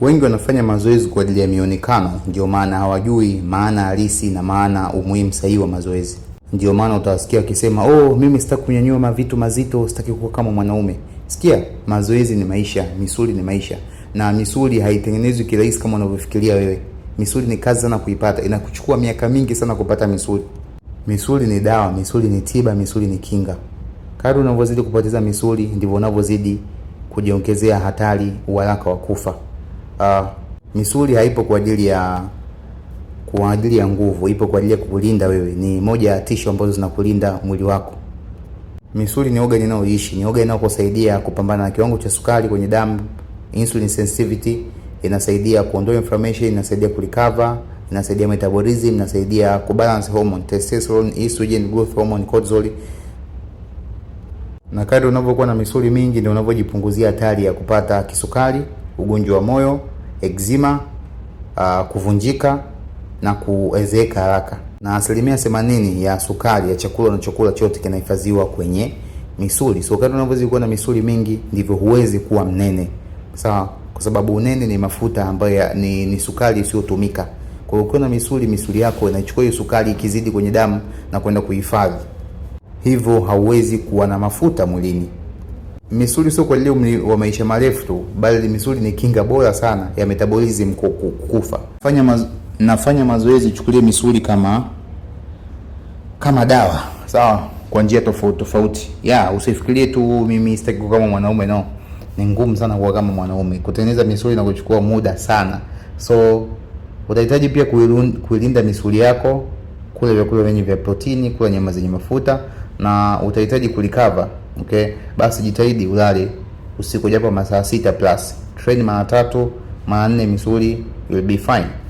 Wengi wanafanya mazoezi kwa ajili ya mionekano, ndio maana hawajui maana halisi na maana umuhimu sahihi wa mazoezi. Ndio maana utawasikia wakisema, oh, mimi sitaki kunyanyua mavitu mazito, sitaki kuwa kama mwanaume. Sikia, mazoezi ni maisha, misuli ni maisha, na misuli haitengenezwi kirahisi kama unavyofikiria wewe. Misuli ni kazi sana kuipata, inakuchukua miaka mingi sana kupata misuli. Misuli ni dawa, misuli ni tiba, misuli ni kinga. Kadri unavyozidi kupoteza misuli, ndivyo unavyozidi kujiongezea hatari, uharaka wa kufa uh, misuli haipo kwa ajili ya kwa ajili ya nguvu, ipo kwa ajili ya kukulinda wewe. Ni moja ya tisho ambazo zinakulinda mwili wako. Misuli ni organ inayoishi, ni organ inayokusaidia kupambana na kiwango cha sukari kwenye damu, insulin sensitivity, inasaidia kuondoa inflammation, inasaidia kurecover, inasaidia metabolism, inasaidia kubalance hormone, testosterone, estrogen, growth hormone, cortisol. Na kadri unavyokuwa na misuli mingi ndio unavyojipunguzia hatari ya kupata kisukari ugonjwa wa moyo, eczema, uh, kuvunjika na kuezeka haraka, na asilimia themanini ya sukari ya chakula na chakula chote kinahifadhiwa kwenye misuli. So kadri unavyozidi kuwa na misuli mingi, ndivyo huwezi kuwa mnene, sawa? Kwa sababu unene ni mafuta ambayo ni, ni sukari isiyotumika. Kwa hiyo ukiwa na misuli, misuli yako inachukua hiyo sukari ikizidi kwenye damu na kwenda kuhifadhi, hivyo hauwezi kuwa na mafuta mwilini misuli sio kwa ajili wa maisha marefu tu, bali misuli ni kinga bora sana ya metabolism kukufa. Fanya maz nafanya mazoezi, chukulie misuli kama kama dawa sawa, kwa njia tofauti tofauti. Ya usifikirie tu mimi sitaki kama mwanaume no, ni ngumu sana kuwa kama mwanaume, kutengeneza misuli na kuchukua muda sana, so utahitaji pia kuilinda misuli yako, kula vyakula vyenye vya protini, kula nyama zenye mafuta na utahitaji kulikava okay, basi jitahidi ulale usiku japo masaa sita plus, train mara tatu mara nne, misuli will be fine.